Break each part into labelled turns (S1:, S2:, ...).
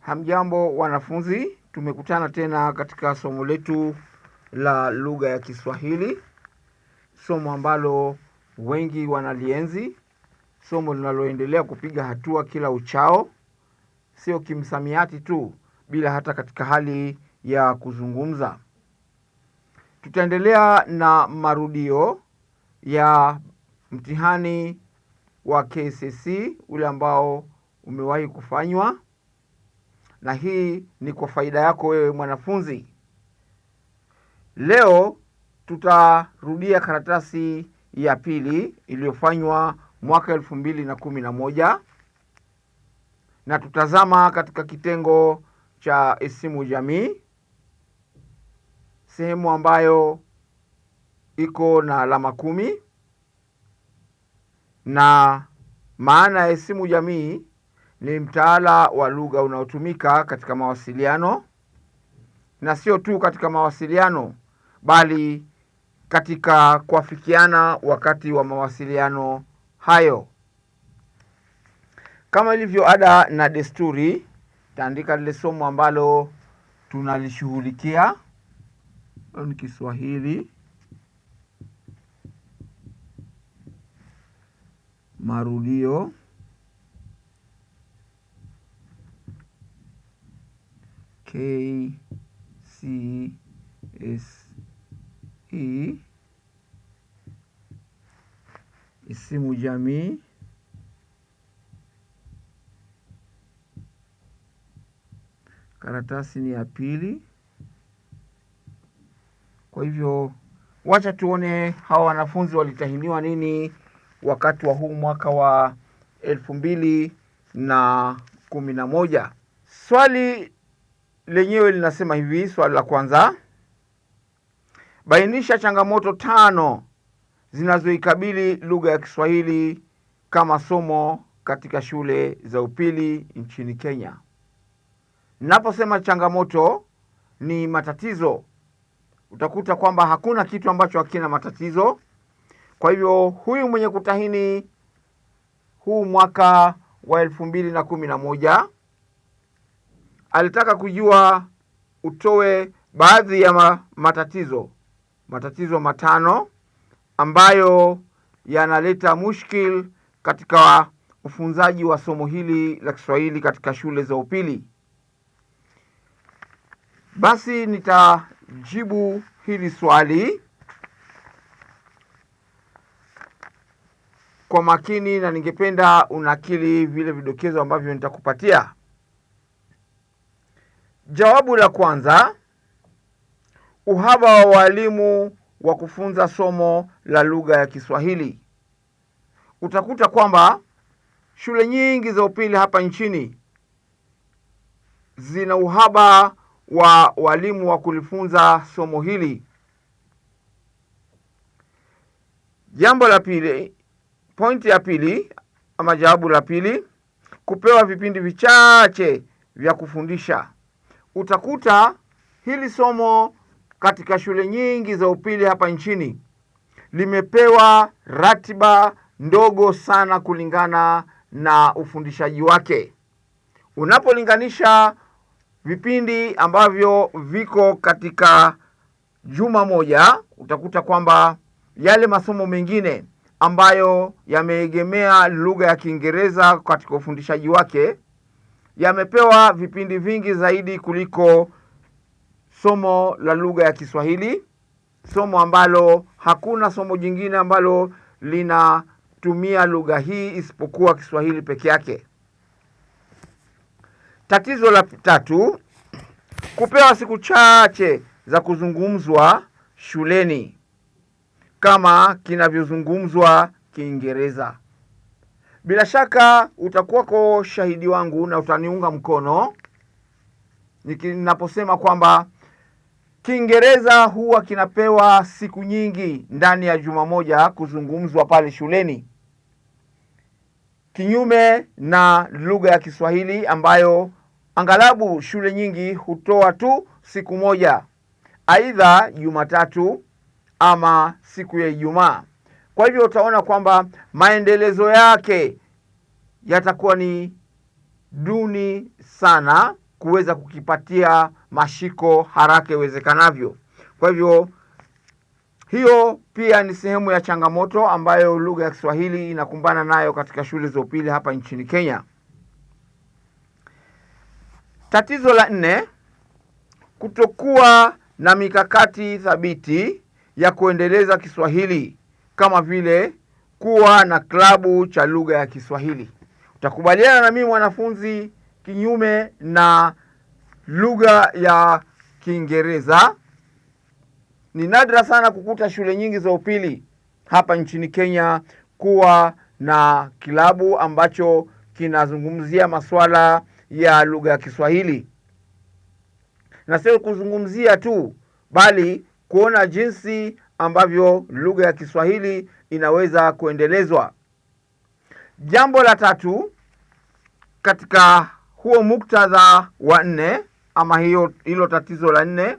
S1: Hamjambo wanafunzi, tumekutana tena katika somo letu la lugha ya Kiswahili, somo ambalo wengi wanalienzi, somo linaloendelea kupiga hatua kila uchao, sio kimsamiati tu, bila hata katika hali ya kuzungumza. Tutaendelea na marudio ya mtihani wa KCC ule ambao umewahi kufanywa, na hii ni kwa faida yako wewe mwanafunzi. Leo tutarudia karatasi ya pili iliyofanywa mwaka elfu mbili na kumi na moja na tutazama katika kitengo cha isimu jamii, sehemu ambayo iko na alama kumi na maana ya isimu jamii ni mtaala wa lugha unaotumika katika mawasiliano, na sio tu katika mawasiliano, bali katika kuafikiana wakati wa mawasiliano hayo. Kama ilivyo ada na desturi, taandika lile somo ambalo tunalishughulikia ni Kiswahili marudio KCSE isimu jamii karatasi ni ya pili. Kwa hivyo wacha tuone hawa wanafunzi walitahiniwa nini wakati wa huu mwaka wa elfu mbili na kumi na moja. Swali lenyewe linasema hivi, swali la kwanza, bainisha changamoto tano zinazoikabili lugha ya Kiswahili kama somo katika shule za upili nchini Kenya. Ninaposema changamoto ni matatizo, utakuta kwamba hakuna kitu ambacho hakina matatizo. Kwa hivyo huyu mwenye kutahini huu mwaka wa elfu mbili na kumi na moja alitaka kujua utoe baadhi ya matatizo matatizo matano ambayo yanaleta mushkil katika ufunzaji wa somo hili la Kiswahili katika shule za upili. Basi nitajibu hili swali kwa makini na ningependa unakili vile vidokezo ambavyo nitakupatia. Jawabu la kwanza, uhaba wa walimu wa kufunza somo la lugha ya Kiswahili. Utakuta kwamba shule nyingi za upili hapa nchini zina uhaba wa walimu wa kulifunza somo hili. Jambo la pili, Pointi ya pili ama jawabu la pili, kupewa vipindi vichache vya kufundisha. Utakuta hili somo katika shule nyingi za upili hapa nchini limepewa ratiba ndogo sana kulingana na ufundishaji wake. Unapolinganisha vipindi ambavyo viko katika juma moja, utakuta kwamba yale masomo mengine ambayo yameegemea lugha ya Kiingereza katika ufundishaji wake yamepewa vipindi vingi zaidi kuliko somo la lugha ya Kiswahili, somo ambalo hakuna somo jingine ambalo linatumia lugha hii isipokuwa Kiswahili peke yake. Tatizo la tatu, kupewa siku chache za kuzungumzwa shuleni kama kinavyozungumzwa Kiingereza. Bila shaka utakuwako shahidi wangu na utaniunga mkono ninaposema kwamba Kiingereza huwa kinapewa siku nyingi ndani ya juma moja kuzungumzwa pale shuleni, kinyume na lugha ya Kiswahili ambayo angalabu shule nyingi hutoa tu siku moja, aidha Jumatatu ama siku ya Ijumaa. Kwa hivyo utaona kwamba maendelezo yake yatakuwa ni duni sana kuweza kukipatia mashiko haraka iwezekanavyo. Kwa hivyo hiyo pia ni sehemu ya changamoto ambayo lugha ya Kiswahili inakumbana nayo katika shule za upili hapa nchini Kenya. Tatizo la nne, kutokuwa na mikakati thabiti ya kuendeleza Kiswahili kama vile kuwa na klabu cha lugha ya Kiswahili. Utakubaliana na mimi mwanafunzi, kinyume na lugha ya Kiingereza, ni nadra sana kukuta shule nyingi za upili hapa nchini Kenya kuwa na kilabu ambacho kinazungumzia masuala ya lugha ya Kiswahili, na sio kuzungumzia tu, bali kuona jinsi ambavyo lugha ya Kiswahili inaweza kuendelezwa. Jambo la tatu katika huo muktadha wa nne ama hiyo hilo tatizo la nne,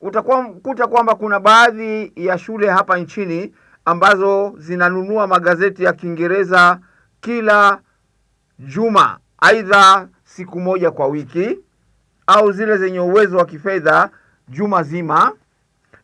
S1: utakuta kwamba kuna baadhi ya shule hapa nchini ambazo zinanunua magazeti ya Kiingereza kila juma, aidha siku moja kwa wiki, au zile zenye uwezo wa kifedha juma zima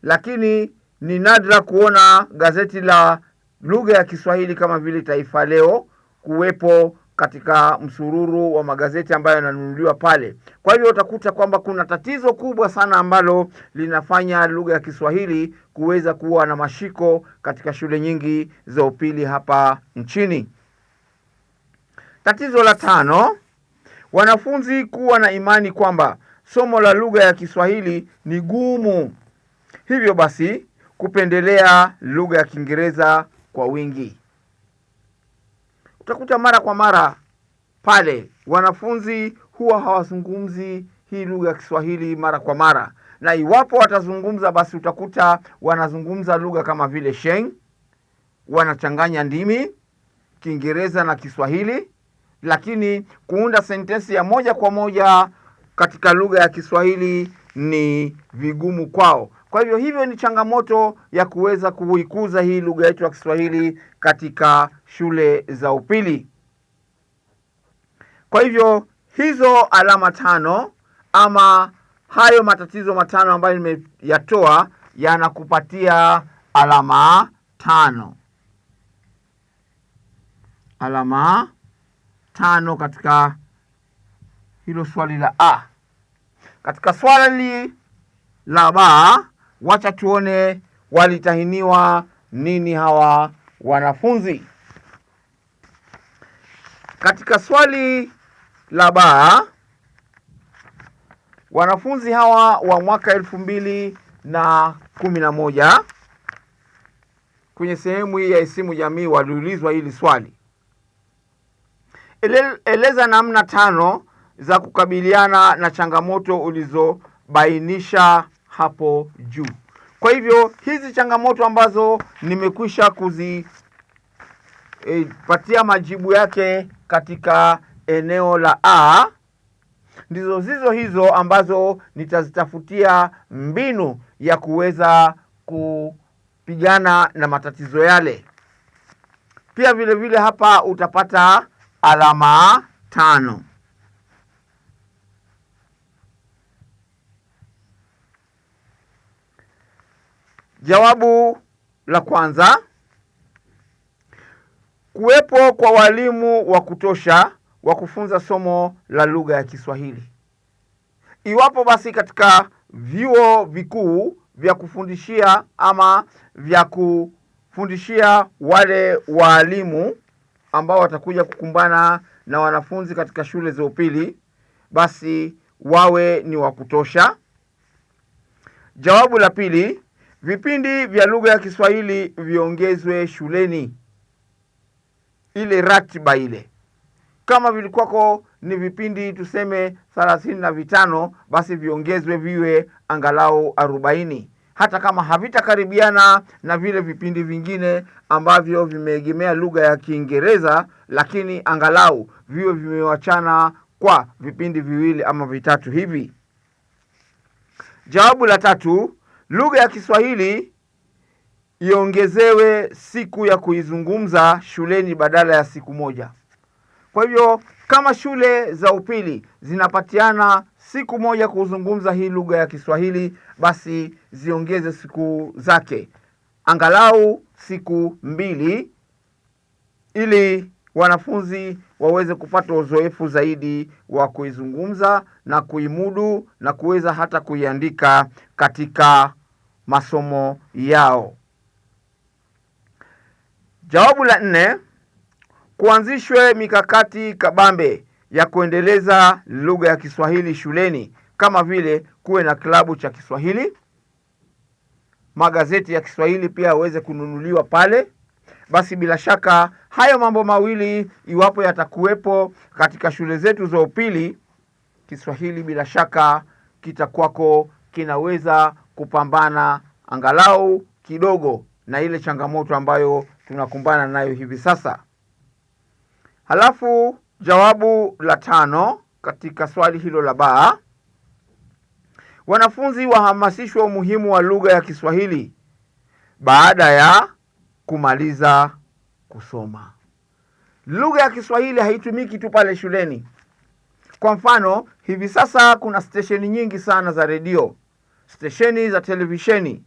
S1: lakini ni nadra kuona gazeti la lugha ya Kiswahili kama vile Taifa Leo kuwepo katika msururu wa magazeti ambayo yananunuliwa pale. Kwa hivyo utakuta kwamba kuna tatizo kubwa sana ambalo linafanya lugha ya Kiswahili kuweza kuwa na mashiko katika shule nyingi za upili hapa nchini. Tatizo la tano, wanafunzi kuwa na imani kwamba somo la lugha ya Kiswahili ni gumu Hivyo basi kupendelea lugha ya Kiingereza kwa wingi. Utakuta mara kwa mara pale wanafunzi huwa hawazungumzi hii lugha ya Kiswahili mara kwa mara, na iwapo watazungumza, basi utakuta wanazungumza lugha kama vile Sheng, wanachanganya ndimi Kiingereza na Kiswahili, lakini kuunda sentensi ya moja kwa moja katika lugha ya Kiswahili ni vigumu kwao. Kwa hivyo hivyo ni changamoto ya kuweza kuikuza hii lugha yetu ya Kiswahili katika shule za upili. Kwa hivyo hizo alama tano ama hayo matatizo matano ambayo nimeyatoa yanakupatia alama tano, alama tano katika hilo swali la a. Katika swali la ba Wacha tuone walitahiniwa nini hawa wanafunzi. Katika swali la baa, wanafunzi hawa wa mwaka elfu mbili na kumi na moja kwenye sehemu hii ya isimu jamii waliulizwa hili swali: eleza namna tano za kukabiliana na changamoto ulizobainisha hapo juu. Kwa hivyo hizi changamoto ambazo nimekwisha kuzipatia e, majibu yake katika eneo la A ndizo zizo hizo ambazo nitazitafutia mbinu ya kuweza kupigana na matatizo yale. Pia vilevile vile hapa utapata alama tano. Jawabu la kwanza, kuwepo kwa walimu wa kutosha wa kufunza somo la lugha ya Kiswahili. Iwapo basi katika vyuo vikuu vya kufundishia ama vya kufundishia wale waalimu ambao watakuja kukumbana na wanafunzi katika shule za upili, basi wawe ni wa kutosha. Jawabu la pili, Vipindi vya lugha ya Kiswahili viongezwe shuleni, ile ratiba ile. Kama vilikuwako ni vipindi tuseme thelathini na vitano, basi viongezwe viwe angalau arobaini, hata kama havitakaribiana na vile vipindi vingine ambavyo vimeegemea lugha ya Kiingereza, lakini angalau viwe vimewachana kwa vipindi viwili ama vitatu hivi. Jawabu la tatu lugha ya Kiswahili iongezewe siku ya kuizungumza shuleni badala ya siku moja. Kwa hivyo kama shule za upili zinapatiana siku moja kuzungumza hii lugha ya Kiswahili, basi ziongeze siku zake angalau siku mbili, ili wanafunzi waweze kupata uzoefu zaidi wa kuizungumza na kuimudu na kuweza hata kuiandika katika masomo yao. Jawabu la nne, kuanzishwe mikakati kabambe ya kuendeleza lugha ya Kiswahili shuleni kama vile kuwe na klabu cha Kiswahili, magazeti ya Kiswahili pia aweze kununuliwa pale. Basi bila shaka hayo mambo mawili iwapo yatakuwepo katika shule zetu za upili, Kiswahili bila shaka kitakwako kinaweza kupambana angalau kidogo na ile changamoto ambayo tunakumbana nayo hivi sasa. Halafu jawabu la tano katika swali hilo la baa, wanafunzi wahamasishwa umuhimu wa lugha ya Kiswahili baada ya kumaliza kusoma. Lugha ya Kiswahili haitumiki tu pale shuleni. Kwa mfano, hivi sasa kuna stesheni nyingi sana za redio stesheni za televisheni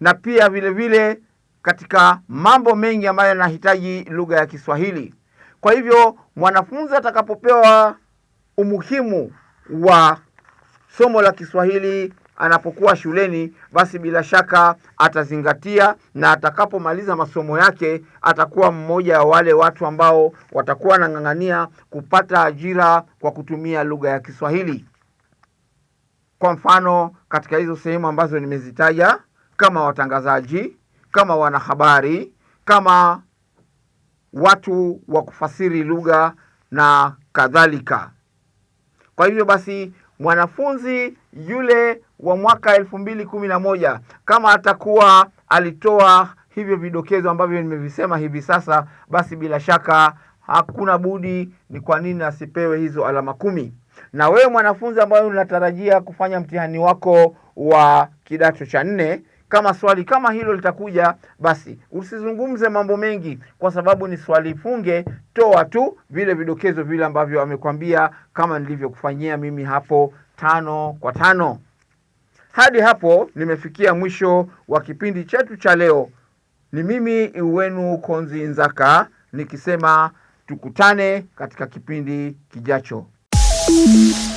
S1: na pia vilevile vile katika mambo mengi ambayo yanahitaji lugha ya Kiswahili. Kwa hivyo mwanafunzi atakapopewa umuhimu wa somo la Kiswahili anapokuwa shuleni, basi bila shaka atazingatia, na atakapomaliza masomo yake atakuwa mmoja wa wale watu ambao watakuwa wanang'ang'ania kupata ajira kwa kutumia lugha ya Kiswahili. Kwa mfano katika hizo sehemu ambazo nimezitaja, kama watangazaji, kama wanahabari, kama watu wa kufasiri lugha na kadhalika. Kwa hivyo basi mwanafunzi yule wa mwaka elfu mbili kumi na moja kama atakuwa alitoa hivyo vidokezo ambavyo nimevisema hivi sasa, basi bila shaka hakuna budi, ni kwa nini asipewe hizo alama kumi? Na wewe mwanafunzi ambaye unatarajia kufanya mtihani wako wa kidato cha nne, kama swali kama hilo litakuja, basi usizungumze mambo mengi, kwa sababu ni swali funge. Toa tu vile vidokezo vile ambavyo amekwambia, kama nilivyokufanyia mimi hapo, tano kwa tano. Hadi hapo nimefikia mwisho wa kipindi chetu cha leo. Ni mimi wenu Konzi Nzaka nikisema tukutane katika kipindi kijacho. Thank you.